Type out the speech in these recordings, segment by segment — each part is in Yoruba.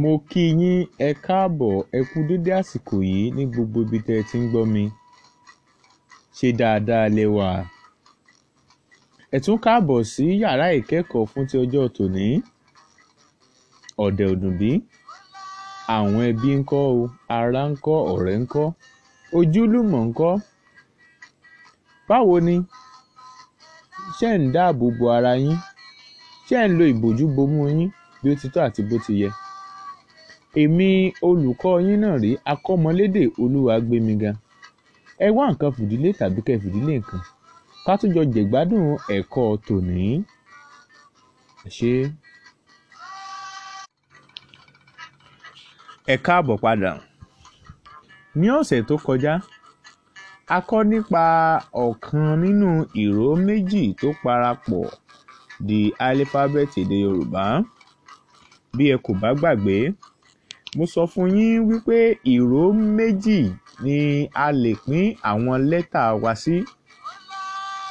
Mo kí yín ẹ káàbọ̀, ẹ kú dédé àsìkò yìí ní gbogbo ibi tí ẹ ti ń gbọ́ mi. Ṣé dáadáa lẹ wà? Ẹ tún káàbọ̀ sí yàrá ìkẹ́kọ̀ọ́ fún ti ọjọ́ tòní. Ọ̀dẹ̀ ò Àwọn ẹbí ń kọ́ o, ará ń kọ́, ọ̀rẹ́ ń kọ́, ojúlùmọ̀ ń kọ́. Báwo ni? Ṣé ẹ̀ ń dáàbò bo ara yín? Ṣé ń lo ìbòjú bomú yín bí ó ti tọ́ àti bó ti yẹ? èmi olùkọ́ yín náà rèé akọ́mọlédè olúwàgbémiga ẹ wá nǹkan fìdílé tàbí kẹ́ fìdílé nǹkan ká tún jọ jẹ̀gbádùn ẹ̀kọ́ tòní. ṣé ẹ káàbọ̀ padà ní ọ̀sẹ̀ tó kọjá a kọ́ nípa ọ̀kan nínú ìró méjì tó parapọ̀ di álífábẹ́ẹ̀tì èdè yorùbá bí ẹ kò bá gbàgbé Mo sọ fún yín wípé ìró méjì ni a lè pín àwọn lẹ́tà wa sí: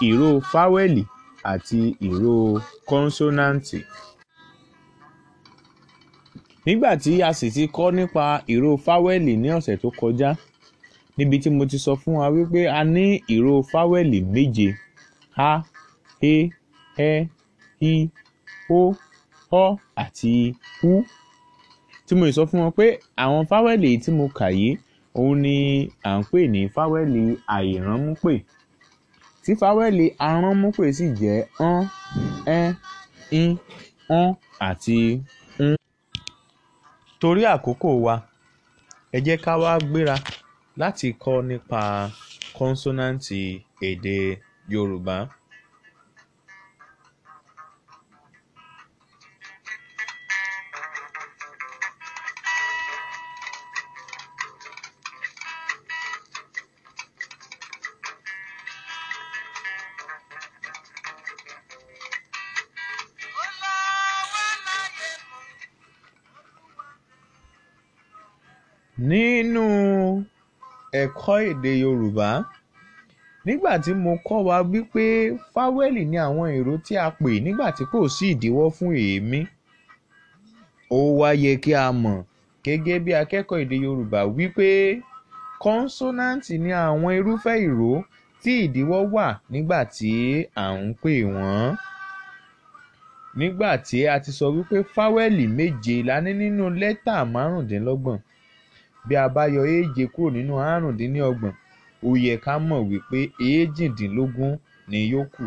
ìró fáwẹ́ẹ̀lì àti ìró kọ́nsọ́náǹtì. Nígbà tí a sì ti kọ́ nípa ìró fáwẹ́ẹ̀lì ní ọ̀sẹ̀ tó kọjá, níbi tí mo ti sọ fún wa wípé a ní ìró fáwẹ́ẹ̀lì méje: a, e, ẹ, e, i, o, ọ àti u tí mo sọ fún wọn pé àwọn fáwẹ́lì tí mo kà yìí òun ni à ń pè ní fáwẹ́lì àìránmúpè tí fáwẹ́lì aránmúpè sì jẹ́ ọ́n ẹ́ ń ọ́n àti ń. torí àkókò wa ẹ jẹ́ ká wá gbéra láti kọ́ nípa kọ́nsọ́náǹtì èdè Yorùbá. nínú ẹ̀kọ́ èdè Yorùbá nígbà tí mo kọ́ wa wípé fáwẹ́ẹ̀lì ni àwọn ìró tí a pè nígbà tí kò sí ìdíwọ́ fún èémí. Ó wá yẹ kí a mọ̀ gẹ́gẹ́ bí akẹ́kọ̀ọ́ èdè Yorùbá wípé kọ́nsọ́náǹtì ni àwọn irúfẹ́ ìró tí ìdíwọ́ wà nígbà tí à ń pè wọ́n. Nígbà tí a ti sọ wípé fáwẹ́ẹ̀lì méje la ní nínú lẹ́tà márùndínlọ́gbọ̀n. Bí a bá yọ eéje kúrò nínú àrùndínlọ́gbọ̀n, ó yẹ ká mọ̀ wípé eéjìdínlógún ni yóò kù.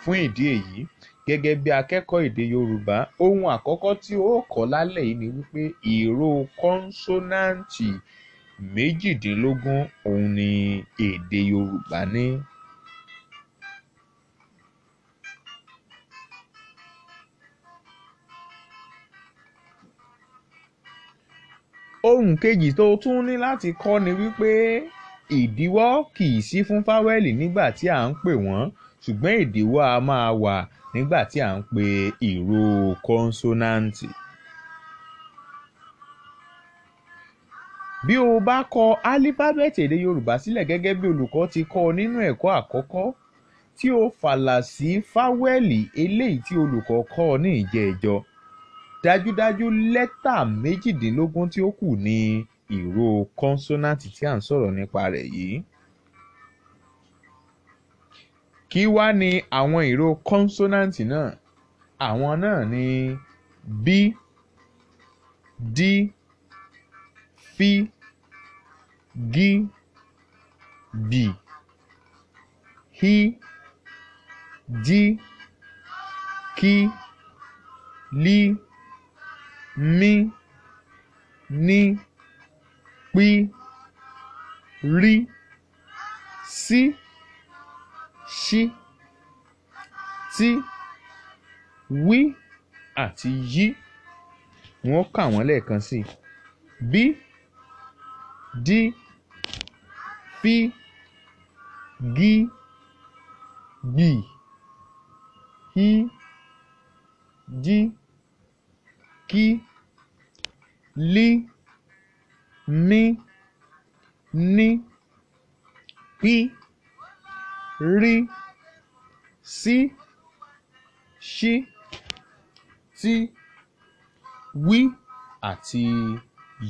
Fún ìdí èyí, gẹ́gẹ́ bí akẹ́kọ̀ọ́ èdè Yorùbá, ohun àkọ́kọ́ tí o ó kọ́ lálẹ́ yìí ni wípé ìró kọ́nsọ́náǹtì méjìdínlógún òun ni èdè Yorùbá ní. ohun kejì tó tún ní láti kọ́ ni wípé ìdíwọ́ kì í sí fún fáwẹ́lì nígbà tí à ń pè wọ́n ṣùgbọ́n ìdíwọ́ a máa wà nígbà tí à ń pe ìró kọ́nsọ́náǹtì. bí o bá kọ álífábẹ́ẹ̀tì èdè yorùbá sílẹ̀ gẹ́gẹ́ bí olùkọ́ ti kọ́ ọ nínú ẹ̀kọ́ àkọ́kọ́ tí o fàlà sí fáwẹ́lì eléyìí tí olùkọ́ kọ́ ọ ní ìjẹ́jọ́ Dájúdájú lẹ́tà méjìdínlógún tí ó kù ni ìró kọ́nsọ́náǹtì tí à ń sọ̀rọ̀ nípa rẹ̀ yìí. Kí wá ni àwọn ìró kọ́nsọ́náǹtì náà? Àwọn náà ni b, d, f, g, b, h, g, k, l, mí ní pí rí sí ṣí tí wí àti yí wọ́n kà wọ́n lẹ́ẹ̀kan sí i bí dí fí gí gbì hí jí kí lí, mí, ní, pí, rí, sí, ṣí, tí, wí àti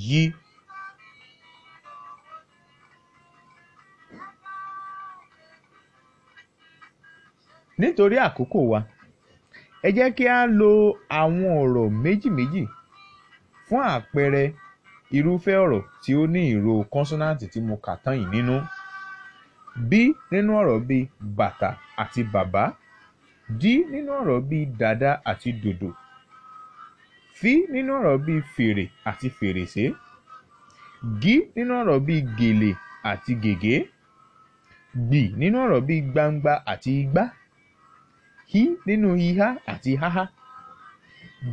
yí. Nítorí àkókò wa, ẹ jẹ́ kí á lo àwọn ọ̀rọ̀ méjì méjì fún àpẹẹrẹ irúfẹ́ ọ̀rọ̀ tí ó ní ìró kọ́nsọ́náǹtì tí mo kà tán yìí nínú b nínú ọ̀rọ̀ bíi bàtà àti bàbá d nínú ọ̀rọ̀ bíi dada, àti dòdò f nínú ọ̀rọ̀ bíi fèrè àti fèrèsé g nínú ọ̀rọ̀ bíi gèlè àti gègé gbì nínú ọ̀rọ̀ bíi gbangba àti igbá hi nínú ihá àti háhá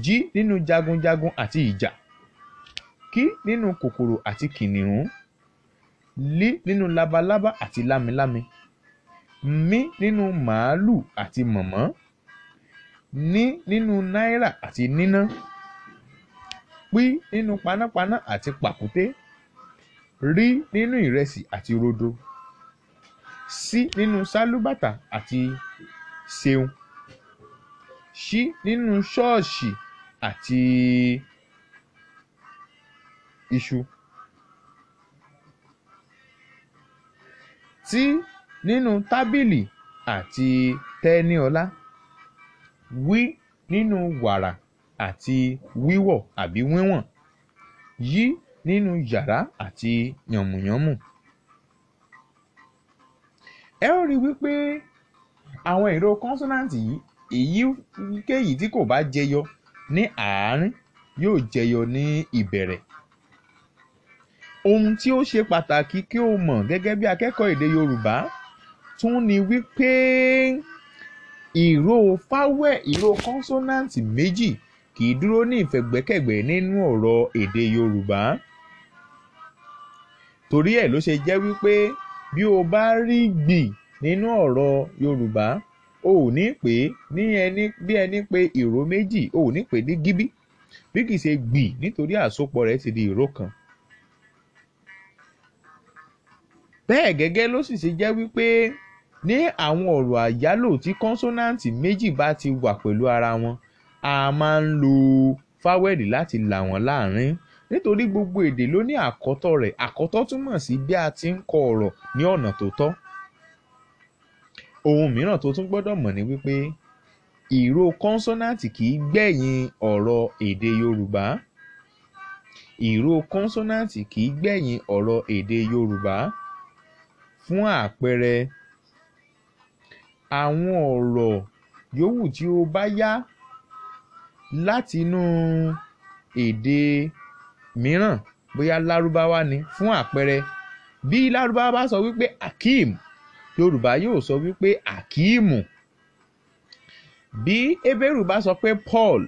jí nínú jagunjagun àti ìjà. Ja kí nínú kòkòrò àti kìnìún lí nínú labalábá àti lámilámi mí nínú màálù àti mọ̀mọ́ ní nínú náírà àti níná pí nínú panápaná àti pàkúté rí nínú ìrẹsì àti rodo sí nínú sálúbàtà àti ṣeun ṣí nínú ṣọ́ọ̀ṣì àti iṣu. Tí nínú tábìlì àti Tẹ́níọlá. Wí nínú wàrà àti wíwọ̀ àbí wíwọ̀n. Yí nínú yàrá àti yànmùyánmù. Ẹ ó rí wípé àwọn ìró consonant yìí èyíkéyìí tí kò bá jẹyọ ní àárín yóò jẹyọ ní ìbẹ̀rẹ̀ ohun tí ó ṣe pàtàkì kí o mọ̀ gẹ́gẹ́ bí akẹ́kọ̀ọ́ èdè Yorùbá tún ni wípé ìró fáwẹ̀ ìró kọ́nsọ́náǹtì méjì kì í dúró ní ìfẹ̀gbẹ́kẹ̀gbẹ́ nínú ọ̀rọ̀ èdè Yorùbá torí ẹ̀ ló ṣe jẹ́ wípé bí o bá rí gbì nínú ọ̀rọ̀ Yorùbá o ò ní pè é ní ẹni bí ẹni pé ìró méjì o ò ní pè é ní gíbí bí kì í ṣe gbì nítorí àsopọ̀ rẹ̀ ti di ìró kan Bẹ́ẹ̀ gẹ́gẹ́ ló sì ṣe jẹ́ wípé ní àwọn ọ̀rọ̀ àyálò tí kọ́nsọ́náǹtì méjì bá ti wà pẹ̀lú ara wọn, a máa ń lo fáwẹ́ẹ̀lì láti là wọ́n láàárín. Nítorí gbogbo èdè ló ní àkọ́tọ̀ rẹ̀, àkọ́tọ̀ túmọ̀ sí bí a ti ń kọ ọ̀rọ̀ ní ọ̀nà tó tọ́. Ohun mìíràn tó tún gbọ́dọ̀ mọ̀ ni wípé ìró kọ́nsọ́náǹtì kì í gbẹ̀yìn ọ̀rọ̀ èdè Yorùbá. Ìró kọ́nsọ́náǹtì kì í gbẹ̀yìn ọ̀rọ̀ èdè Yorùbá. Fún àpẹẹrẹ, àwọn ọ̀rọ̀ yòówù tí ó bá yá látinú èdè mìíràn (bóyá Lárúbáwá ni, fún àpẹẹrẹ) bí Lárúbáwá bá sọ wípé Hakeem, Yorùbá yóò sọ wípé Hakeemu. Bí Hébérù bá sọ pé Paul,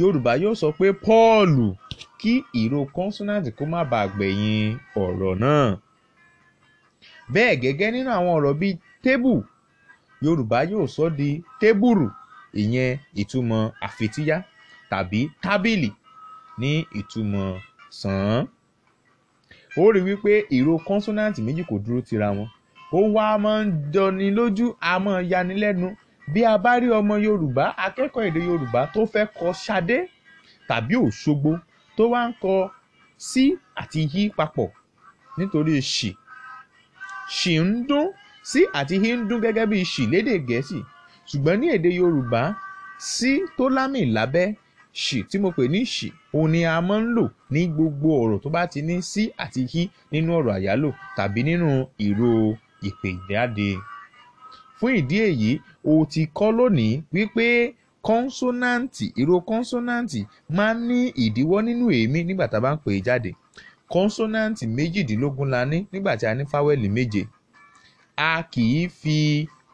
Yorùbá yóò sọ pé Pọ́ọ̀lù kí ìró consonant kó má baà gbẹ̀yìn ọ̀rọ̀ náà bẹ́ẹ̀ gẹ́gẹ́ nínú àwọn ọ̀rọ̀ bíi tébù yorùbá yóò sọ di tébùrù ìyẹn ìtumọ̀ àfitíyá tàbí tábìlì ní ìtumọ̀ sàn-án ó rí wípé ìró kọ́nsọ́nàǹtì méjì kò dúró tira wọn ó wá máa ń jọni lójú a máa yani lẹ́nu bí a bá rí ọmọ yorùbá akẹ́kọ̀ọ́ èdè yorùbá tó fẹ́ kọ ṣadé tàbí òṣogbo tó wá ń kọ sí àti yí papọ̀ nítorí ṣì ṣìǹdún sí àti híndún gẹ́gẹ́ bí ṣì lédè gẹ̀ẹ́sì ṣùgbọ́n ní èdè yorùbá sí tó lámì lábẹ́ ṣì tí mo pè ní ṣì òun ni a máa ń lò ní gbogbo ọ̀rọ̀ tó bá ti ní sí àti hí nínú ọ̀rọ̀ àyálò tàbí nínú ìró ìpè ìjáde. fún ìdí èyí o ti kọ́ lónìí wípé kọ́nsọ́náǹtì ìró kọ́nsọ́náǹtì máa ń ní ìdíwọ́ nínú èémí nígbà tá a bá ń pè é jáde kọ́nsọ́nàǹtì méjìdínlógún la ní nígbà tí a ní fáwẹ́lì méje a kì í fi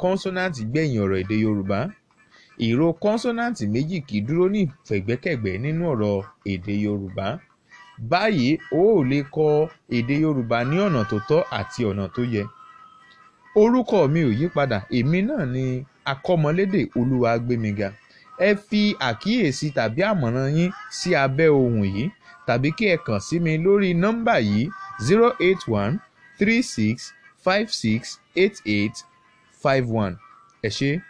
kọ́nsọ́nàǹtì gbẹ̀yìn ọ̀rọ̀ èdè yorùbá ìró kọ́nsọ́nàǹtì méjì kì í dúró ní ìfẹ̀gbẹ́kẹ̀gbẹ́ nínú ọ̀rọ̀ èdè yorùbá báyìí o ò lè kọ èdè yorùbá ní ọ̀nà tó tọ́ àti ọ̀nà tó yẹ orúkọ mi ò yí padà èmi náà ni akọ́mọlédè olúwa gbémiga ẹ fi àkíyèsí tàbí àmọ̀ràn yín sí abẹ́ ohùn yìí tàbí kí ẹ kàn sí mi lórí nọ́mbà yìí zero eight one three six five six eight eight five one ẹ ṣé.